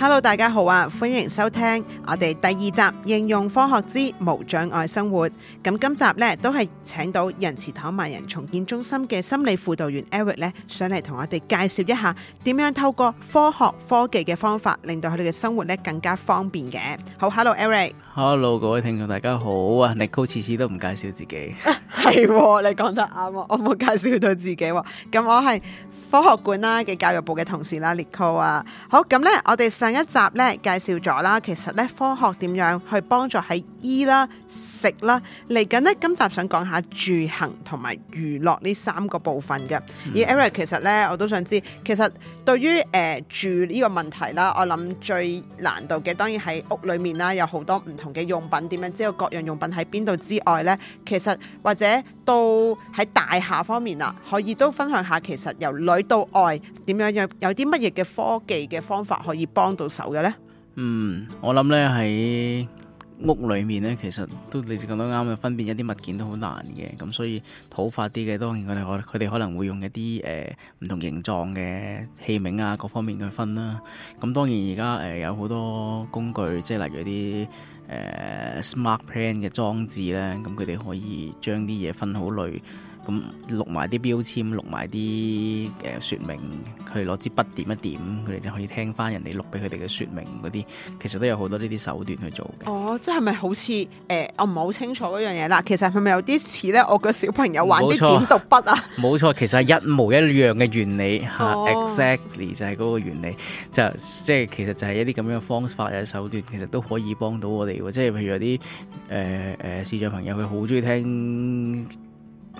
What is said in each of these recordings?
hello，大家好啊，歡迎收聽我哋第二集應用科學之無障礙生活。咁今集呢都係請到仁慈堂盲人重建中心嘅心理輔導員 Eric 呢，上嚟同我哋介紹一下點樣透過科學科技嘅方法令到佢哋嘅生活呢更加方便嘅。好，hello Eric。hello，各位聽眾大家好啊，Nicole 次次都唔介紹自己，係、 哦、你講得啱啊，我冇介紹到自己，咁我係。科學館啦嘅教育部嘅同事啦，Leo 啊，好，噉呢，我哋上一集呢介紹咗啦，其實呢科學點樣去幫助喺。衣啦、食啦，嚟緊呢，今集想講下住行同埋娛樂呢三個部分嘅。嗯、而 Eric 其實呢，我都想知，其實對於誒、呃、住呢個問題啦，我諗最難度嘅，當然喺屋裏面啦，有好多唔同嘅用品，點樣知道各樣用品喺邊度之外呢？其實或者到喺大廈方面啦，可以都分享下，其實由裏到外點樣樣，有啲乜嘢嘅科技嘅方法可以幫到手嘅呢？嗯，我諗呢，喺。屋裏面呢，其實都你哋咁多啱嘅分辨一啲物件都好難嘅，咁所以土法啲嘅，當然我哋我佢哋可能會用一啲誒唔同形狀嘅器皿啊，各方面去分啦。咁當然而家誒有好多工具，即係例如啲誒、呃、Smart Plan 嘅裝置呢，咁佢哋可以將啲嘢分好類。咁錄埋啲標籤，錄埋啲誒説明，佢攞支筆點一點，佢哋就可以聽翻人哋錄俾佢哋嘅説明嗰啲。其實都有好多呢啲手段去做嘅。哦，即係咪好似誒、呃，我唔係好清楚嗰樣嘢啦。其實係咪有啲似咧？我個小朋友玩啲點讀筆啊。冇錯，冇錯，其實係一模一樣嘅原理吓，哦啊，exactly 就係嗰個原理。就即係其實就係一啲咁樣嘅方法或者手段，其實都可以幫到我哋喎。即係譬如有啲誒誒視障朋友，佢好中意聽。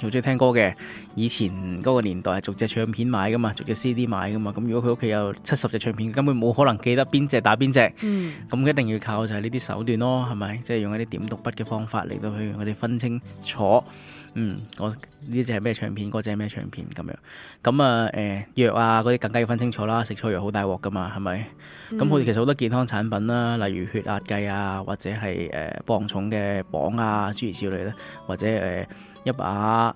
好中意聽歌嘅，以前嗰個年代係逐隻唱片買噶嘛，逐隻 CD 買噶嘛。咁如果佢屋企有七十隻唱片，根本冇可能記得邊隻打邊隻。咁、嗯、一定要靠就係呢啲手段咯，係咪？即係用一啲點讀筆嘅方法嚟到去我哋分清楚。嗯，我呢隻係咩唱片，嗰隻係咩唱片咁樣。咁、呃、啊，誒藥啊嗰啲更加要分清楚啦，食錯藥好大鑊噶嘛，係咪？咁好似其實好多健康產品啦，例如血壓計啊，或者係誒、呃、磅重嘅磅啊、諸如此類啦，或者誒。呃一把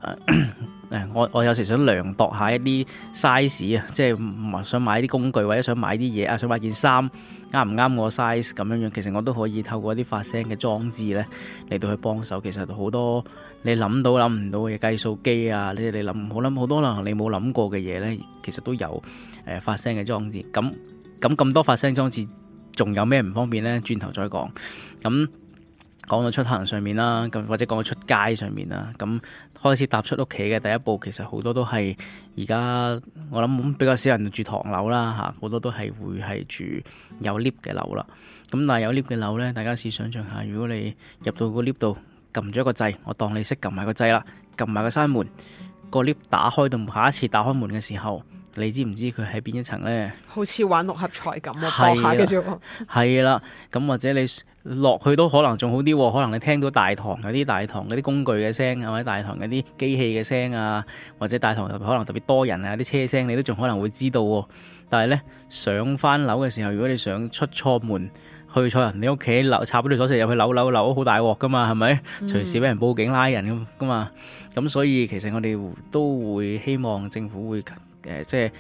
誒 我我有時想量度一下一啲 size 啊，即係想買啲工具或者想買啲嘢啊，想買件衫啱唔啱我 size 咁樣樣，其實我都可以透過一啲發聲嘅裝置咧嚟到去幫手。其實好多你諗到諗唔到嘅計數機啊，你你諗好諗好多可能你冇諗過嘅嘢咧，其實都有誒發聲嘅裝置。咁咁咁多發聲裝置，仲有咩唔方便咧？轉頭再講。咁。講到出行上面啦，咁或者講到出街上面啦，咁開始踏出屋企嘅第一步，其實好多都係而家我諗比較少人住唐樓啦嚇，好多都係會係住有 lift 嘅樓啦。咁但係有 lift 嘅樓呢，大家試想像下，如果你入到個 lift 度，撳咗一個掣，我當你識撳埋個掣啦，撳埋個閂門，個 lift 打開到下一次打開門嘅時候。你知唔知佢喺邊一層呢？好似玩六合彩咁落下嘅啫。係啦， 咁或者你落去都可能仲好啲。可能你聽到大堂嗰啲大堂嗰啲工具嘅聲啊，或者大堂嗰啲機器嘅聲啊，或者大堂可能特別多人啊啲車聲，你都仲可能會知道。但係呢，上返樓嘅時候，如果你想出錯門去錯人，你屋企樓插不條鎖匙入去扭扭扭，好大鑊噶嘛，係咪隨時俾人報警拉人咁噶嘛？咁所以其實我哋都會希望政府會。誒即係，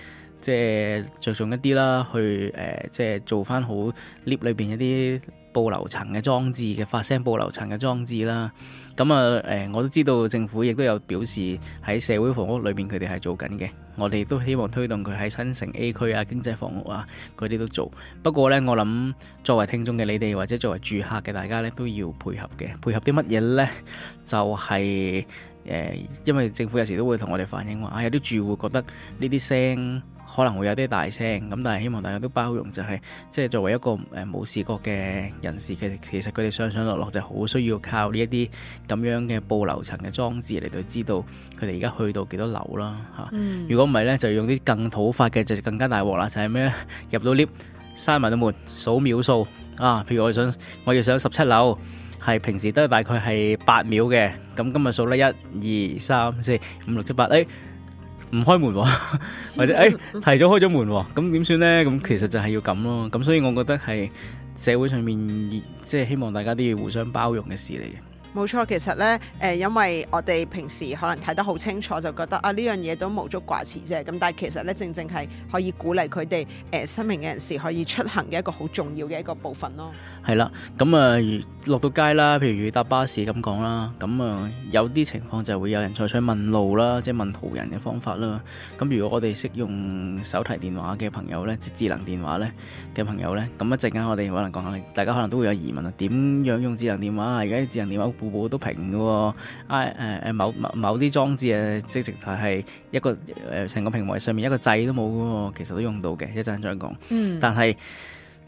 即係着重一啲啦，去誒即係做翻好 lift 裏邊一啲報樓層嘅裝置嘅發聲報樓層嘅裝置啦，咁啊，誒、呃，我都知道政府亦都有表示喺社會房屋裏邊佢哋係做緊嘅，我哋都希望推動佢喺新城 A 區啊、經濟房屋啊嗰啲都做。不過呢，我諗作為聽眾嘅你哋或者作為住客嘅大家呢，都要配合嘅。配合啲乜嘢呢？就係、是、誒、呃，因為政府有時都會同我哋反映話，啊，有啲住戶覺得呢啲聲。可能會有啲大聲，咁但係希望大家都包容，就係即係作為一個誒冇視覺嘅人士，其實其實佢哋上上落落就係好需要靠呢一啲咁樣嘅報樓層嘅裝置嚟到知道佢哋而家去到幾多樓啦嚇。如果唔係咧，就用啲更土法嘅，就更加大鑊啦，就係咩咧？入到 lift，閂埋個門，數秒數啊。譬如我上，我要上十七樓，係平時都係大概係八秒嘅，咁今日數咧，一二三四五六七八，哎～唔開門喎、啊，或者誒、欸、提早開咗門喎、啊，咁點算咧？咁其實就係要咁咯、啊，咁所以我覺得係社會上面即係、就是、希望大家都要互相包容嘅事嚟。冇錯，其實呢，誒，因為我哋平時可能睇得好清楚，就覺得啊呢樣嘢都無足掛齒啫。咁但係其實呢，正正係可以鼓勵佢哋誒失明嘅人士可以出行嘅一個好重要嘅一個部分咯。係啦，咁啊落到街啦，譬如搭巴士咁講啦，咁、嗯、啊、嗯、有啲情況就會有人採取問路啦，即係問途人嘅方法啦。咁、嗯、如果我哋識用手提電話嘅朋友呢，即智能電話呢嘅朋友呢，咁一陣間我哋可能講下，大家可能都會有疑問啊，點樣用智能電話？而家智能電話。部部都平嘅喎、哦，啊、哎呃、某某某啲裝置啊，即直頭係一個誒成、呃、個平台上面一個掣都冇嘅喎，其實都用到嘅，一陣再講。嗯。但係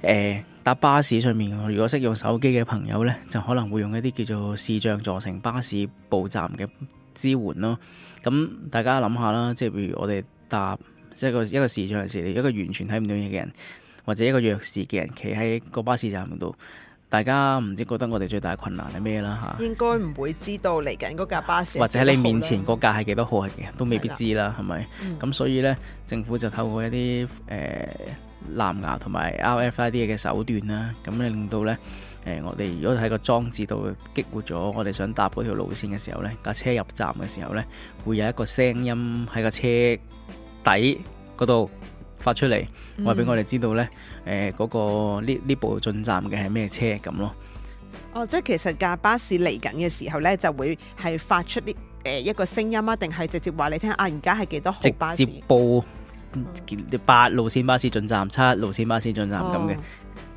誒搭巴士上面，如果識用手機嘅朋友咧，就可能會用一啲叫做視障座乘巴士報站嘅支援咯。咁、嗯、大家諗下啦，即係譬如我哋搭即係個一個視障人士，一個完全睇唔到嘢嘅人，或者一個弱視嘅人，企喺個巴士站度。大家唔知覺得我哋最大困難係咩啦嚇？應該唔會知道嚟緊嗰架巴士或者喺你面前嗰架係幾多號，都未必知啦，係咪的？咁、嗯、所以呢，政府就透過一啲誒、呃、藍牙同埋 RFID 嘅手段啦，咁令到呢，誒、呃、我哋如果喺個裝置度激活咗我哋想搭嗰條路線嘅時候呢，架車入站嘅時候呢，會有一個聲音喺個車底嗰度。發出嚟，話俾我哋知道呢，誒、嗯，嗰、呃這個呢呢部進站嘅係咩車咁咯？哦，即係其實架巴士嚟緊嘅時候呢，就會係發出呢誒一個聲音啊，定係直接話你聽啊，而家係幾多號巴士？直接報八路線巴士進站，七路線巴士進站咁嘅。哦、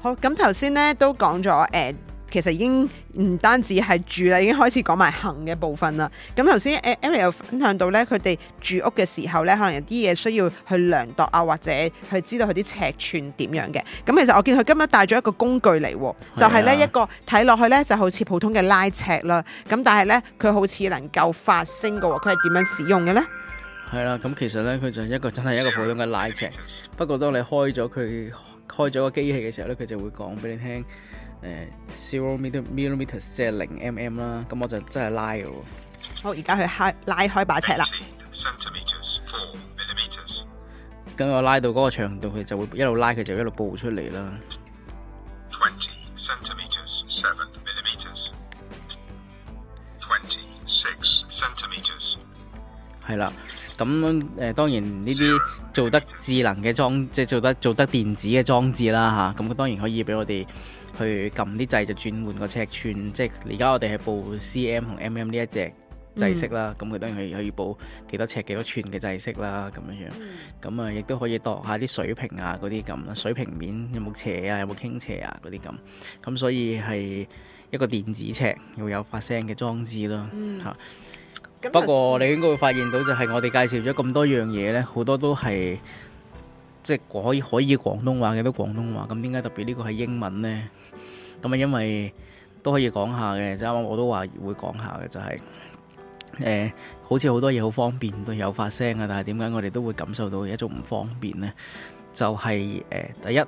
好，咁頭先呢都講咗誒。呃其實已經唔單止係住啦，已經開始講埋行嘅部分啦。咁頭先，Ariel 又分享到咧，佢哋住屋嘅時候咧，可能有啲嘢需要去量度啊，或者去知道佢啲尺寸點樣嘅。咁其實我見佢今日帶咗一個工具嚟，就係、是、呢一個睇落、啊、去咧就好似普通嘅拉尺啦。咁但係咧，佢好似能夠發聲㗎喎，佢係點樣使用嘅咧？係啦、啊，咁其實咧，佢就係一個真係一個普通嘅拉尺。不過當你開咗佢，開咗個機器嘅時候咧，佢就會講俾你聽。誒，zero millimeters 即係零 mm 啦，咁我就真係拉嘅。好，而家去拉，拉開把尺啦。跟住我拉到嗰個長度，佢就會一路拉，佢就一路報出嚟啦。20 centimeters 7 millimeters 26 centimeters，係啦、mm，咁誒，當然呢啲做得智能嘅裝，即係做得做得電子嘅裝置啦，吓咁，佢當然可以俾我哋。去撳啲掣就轉換個尺寸，即係而家我哋係報 cm 同 mm 呢一隻制式啦，咁佢、嗯、當然可以可以報幾多尺幾多寸嘅制式啦，咁樣樣。咁啊、嗯，亦都可以度下啲水平啊嗰啲咁，水平面有冇斜啊，有冇傾斜啊嗰啲咁。咁所以係一個電子尺會有發聲嘅裝置囉。嚇、嗯，是不過你應該會發現到就係我哋介紹咗咁多樣嘢咧，好多都係。即係可以可以廣東話嘅都廣東話，咁點解特別呢個係英文呢？咁啊，因為都可以講下嘅，即啱我都話會講下嘅，就係、是、誒、呃，好似好多嘢好方便都有發聲啊，但係點解我哋都會感受到一種唔方便呢？就係、是、誒、呃、第一誒、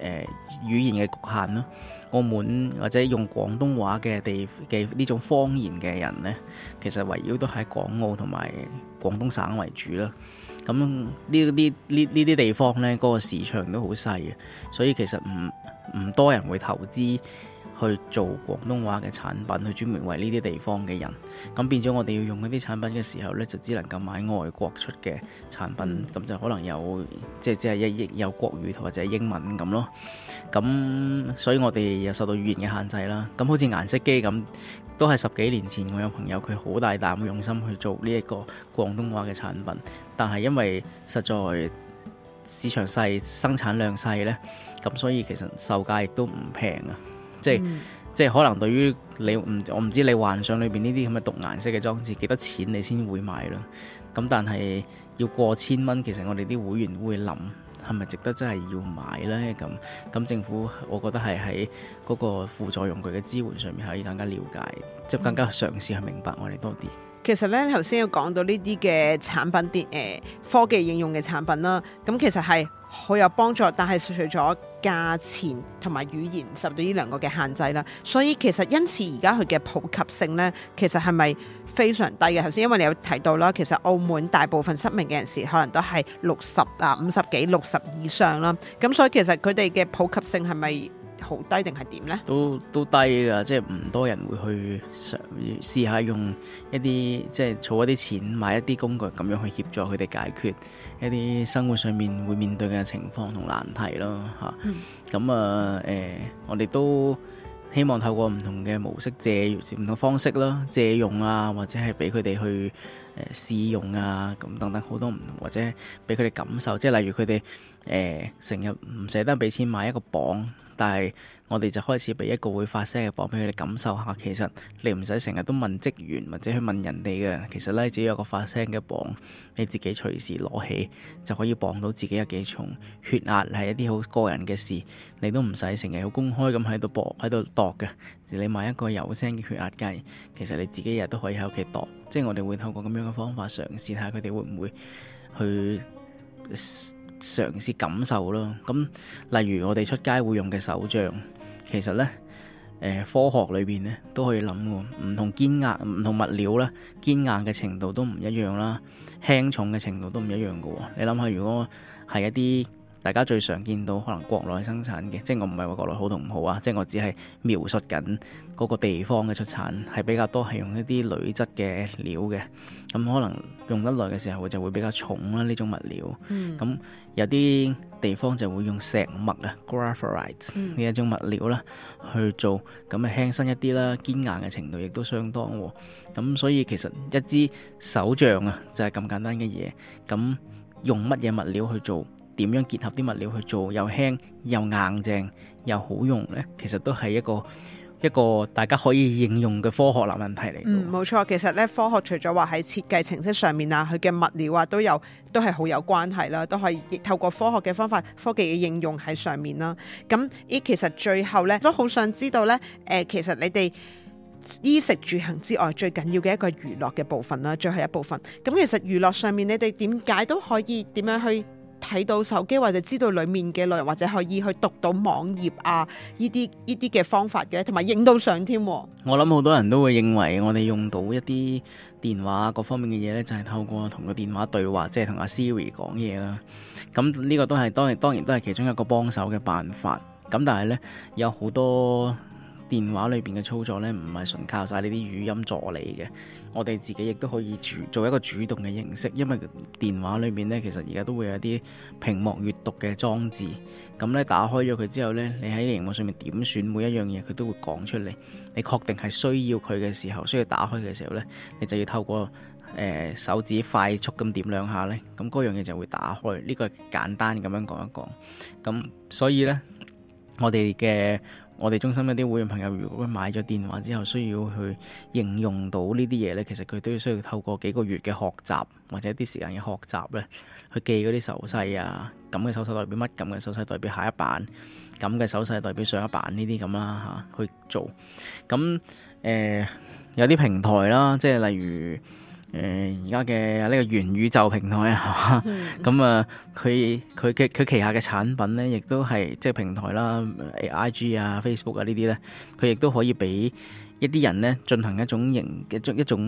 呃、語言嘅局限咯。澳門或者用廣東話嘅地嘅呢種方言嘅人呢，其實圍繞都喺港澳同埋廣東省為主啦。咁呢啲呢呢啲地方呢，嗰、嗰個市場都好細嘅，所以其實唔唔多人會投資。去做廣東話嘅產品，去專門為呢啲地方嘅人，咁變咗我哋要用嗰啲產品嘅時候呢，就只能夠買外國出嘅產品，咁就可能有即係即係一億有國語或者英文咁咯。咁所以我哋又受到語言嘅限制啦。咁好似顏色機咁，都係十幾年前我有朋友佢好大膽用心去做呢一個廣東話嘅產品，但係因為實在市場細、生產量細呢，咁所以其實售價亦都唔平啊。即係可能對於你唔，我唔知你幻想裏邊呢啲咁嘅讀顏色嘅裝置幾多錢你先會買咯？咁但係要過千蚊，其實我哋啲會員會諗係咪值得真係要買呢？咁咁政府，我覺得係喺嗰個輔助用具嘅支援上面，可以更加了解，即更加嘗試去明白我哋多啲。其實呢，頭先要講到呢啲嘅產品啲誒、呃、科技應用嘅產品啦，咁其實係。好有幫助，但係除咗價錢同埋語言受到呢兩個嘅限制啦，所以其實因此而家佢嘅普及性呢，其實係咪非常低嘅？頭先因為你有提到啦，其實澳門大部分失明嘅人士可能都係六十啊、五十幾、六十以上啦，咁所以其實佢哋嘅普及性係咪？好低定係點呢？都都低㗎，即係唔多人會去嘗試下用一啲，即係儲一啲錢，買一啲工具咁樣去協助佢哋解決一啲生活上面會面對嘅情況同難題咯嚇。咁、嗯、啊誒、呃，我哋都希望透過唔同嘅模式借唔同方式咯，借用啊或者係俾佢哋去誒試用啊咁等等好多唔同，或者俾佢哋感受，即係例如佢哋。誒，成日唔捨得俾錢買一個磅，但係我哋就開始俾一個會發聲嘅磅俾佢哋感受下。其實你唔使成日都問職員或者去問人哋嘅，其實呢，只要有個發聲嘅磅，你自己隨時攞起就可以磅到自己有幾重。血壓係一啲好個人嘅事，你都唔使成日好公開咁喺度磅喺度度嘅。你買一個有聲嘅血壓計，其實你自己日日都可以喺屋企度，即係我哋會透過咁樣嘅方法嘗試下佢哋會唔會去。嘗試感受咯，咁例如我哋出街會用嘅手杖，其實呢，呃、科學裏邊呢都可以諗喎，唔同堅硬唔同物料啦，堅硬嘅程度都唔一樣啦，輕重嘅程度都唔一樣㗎喎、哦。你諗下，如果係一啲大家最常見到可能國內生產嘅，即係我唔係話國內好同唔好啊，即係我只係描述緊嗰個地方嘅出產係比較多係用一啲鋁質嘅料嘅，咁可能用得耐嘅時候就會比較重啦呢種物料，咁、嗯。有啲地方就會用石墨啊，graphite 呢一種物料啦，去做咁啊輕身一啲啦，堅硬嘅程度亦都相當喎。咁所以其實一支手杖啊，就係咁簡單嘅嘢。咁用乜嘢物料去做？點樣結合啲物料去做？又輕又硬淨又好用呢？其實都係一個。一個大家可以應用嘅科學難題嚟、嗯。冇錯，其實咧，科學除咗話喺設計程式上面啊，佢嘅物料啊都有都係好有關係啦，都可以透過科學嘅方法、科技嘅應用喺上面啦。咁咦，其實最後咧，都好想知道咧，誒、呃，其實你哋衣食住行之外最緊要嘅一個娛樂嘅部分啦，最後一部分咁，其實娛樂上面你哋點解都可以點樣去？睇到手機或者知道裡面嘅內容，或者可以去讀到網頁啊，依啲依啲嘅方法嘅，同埋影到相添。我諗好多人都會認為我哋用到一啲電話各方面嘅嘢呢，就係透過同個電話對話，即係同阿 Siri 講嘢啦。咁呢個都係當然當然都係其中一個幫手嘅辦法。咁但係呢，有好多。電話裏邊嘅操作呢，唔係純靠晒呢啲語音助理嘅，我哋自己亦都可以主做一個主動嘅認識。因為電話裏面呢，其實而家都會有啲屏幕閱讀嘅裝置，咁呢打開咗佢之後呢，你喺螢幕上面點選每一樣嘢，佢都會講出嚟。你確定係需要佢嘅時候，需要打開嘅時候呢，你就要透過誒、呃、手指快速咁點兩下呢。咁嗰樣嘢就會打開。呢、這個簡單咁樣講一講，咁所以呢，我哋嘅。我哋中心一啲會員朋友，如果買咗電話之後，需要去應用到呢啲嘢呢，其實佢都要需要透過幾個月嘅學習，或者啲時間嘅學習呢，去記嗰啲手勢啊，咁嘅手勢代表乜？咁嘅手勢代表下一版，咁嘅手勢代表上一版呢啲咁啦吓，去做。咁誒、呃、有啲平台啦，即係例如。誒而家嘅呢個元宇宙平台嚇，咁啊、嗯，佢佢嘅佢旗下嘅產品呢，亦都係即係平台啦 IG 啊、Facebook 啊呢啲呢，佢亦都可以俾一啲人呢進行一種型一種一種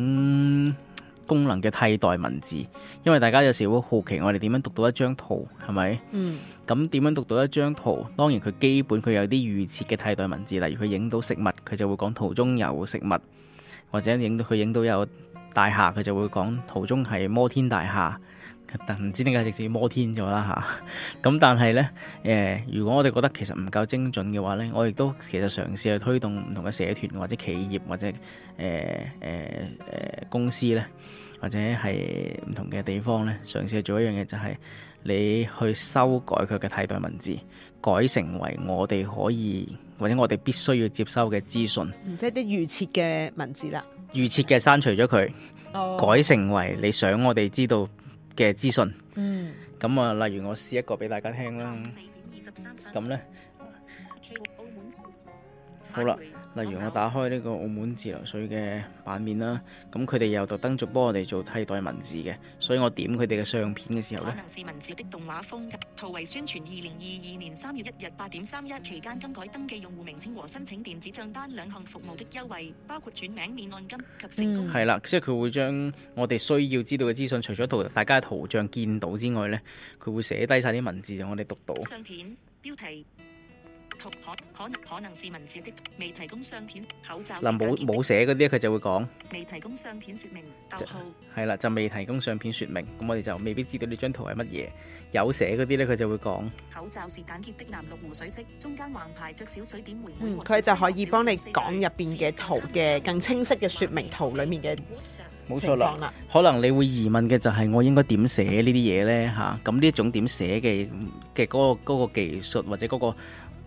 功能嘅替代文字，因為大家有時會好奇我哋點樣讀到一張圖，係咪？咁點樣讀到一張圖？當然佢基本佢有啲預設嘅替代文字，例如佢影到食物，佢就會講圖中有食物，或者影到佢影到有。大廈佢就會講途中係摩天大廈，但唔知點解直接摩天咗啦嚇。咁 但係呢，誒如果我哋覺得其實唔夠精準嘅話呢，我亦都其實嘗試去推動唔同嘅社團或者企業或者誒誒誒公司呢。或者係唔同嘅地方咧，嘗試做一樣嘢就係你去修改佢嘅替代文字，改成為我哋可以或者我哋必須要接收嘅資訊，即係啲預設嘅文字啦。預設嘅刪除咗佢，改成為你想我哋知道嘅資訊。嗯。咁啊，例如我試一個俾大家聽啦。四點二十三分。咁咧。好啦。例如我打開呢個澳門自來水嘅版面啦，咁佢哋又特登做幫我哋做替代文字嘅，所以我點佢哋嘅相片嘅時候呢，是文字的動畫風格。圖為宣傳二零二二年三月一日八點三一期間更改登記用戶名稱和申請電子帳單兩項服務的優惠，包括轉名免按金及成功。嗯，係啦，即係佢會將我哋需要知道嘅資訊除，除咗圖大家嘅圖像見到之外呢，佢會寫低晒啲文字，畀我哋讀到。相片標題。可可可能是文字的，未提供相片。口罩嗱冇冇寫嗰啲，佢就會講未提供相片說明。係啦，就未提供相片說明，咁我哋就未必知道呢張圖係乜嘢。有寫嗰啲咧，佢就會講口罩是簡潔的藍綠湖水色，中間橫排着小水點。嗯，佢就可以幫你講入邊嘅圖嘅更清晰嘅說明，圖裏面嘅冇錯啦。可能你會疑問嘅就係我應該點寫呢啲嘢咧吓？咁呢一種點寫嘅嘅嗰個嗰個技術或者嗰個。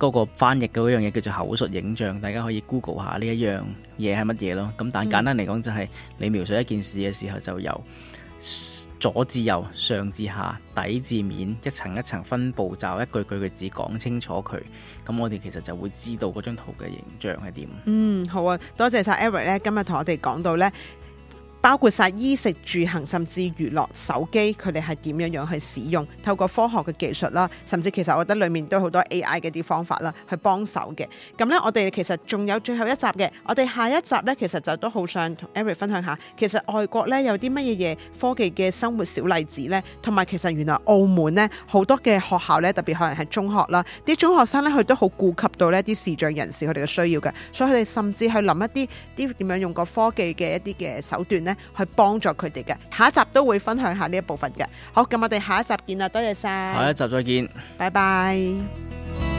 嗰個翻譯嘅嗰樣嘢叫做口述影像，大家可以 Google 下呢一樣嘢係乜嘢咯。咁但簡單嚟講，就係你描述一件事嘅時候，就由左至右、上至下、底至面，一層一層分步驟，一句句嘅字講清楚佢。咁我哋其實就會知道嗰張圖嘅形象係點。嗯，好啊，多謝晒 Eric 咧，今日同我哋講到呢。包括晒衣食住行，甚至娛樂手機，佢哋係點樣樣去使用？透過科學嘅技術啦，甚至其實我覺得裏面都有好多 AI 嘅啲方法啦，去幫手嘅。咁咧，我哋其實仲有最後一集嘅，我哋下一集咧，其實就都好想同 Eric 分享下，其實外國咧有啲乜嘢嘢科技嘅生活小例子咧，同埋其實原來澳門咧好多嘅學校咧，特別可能係中學啦，啲中學生咧，佢都好顧及到咧啲視障人士佢哋嘅需要嘅，所以佢哋甚至去諗一啲啲點樣用個科技嘅一啲嘅手段咧，去幫助佢哋嘅，下一集都會分享下呢一部分嘅。好，咁我哋下一集見啦，多謝晒，下一集再見，拜拜。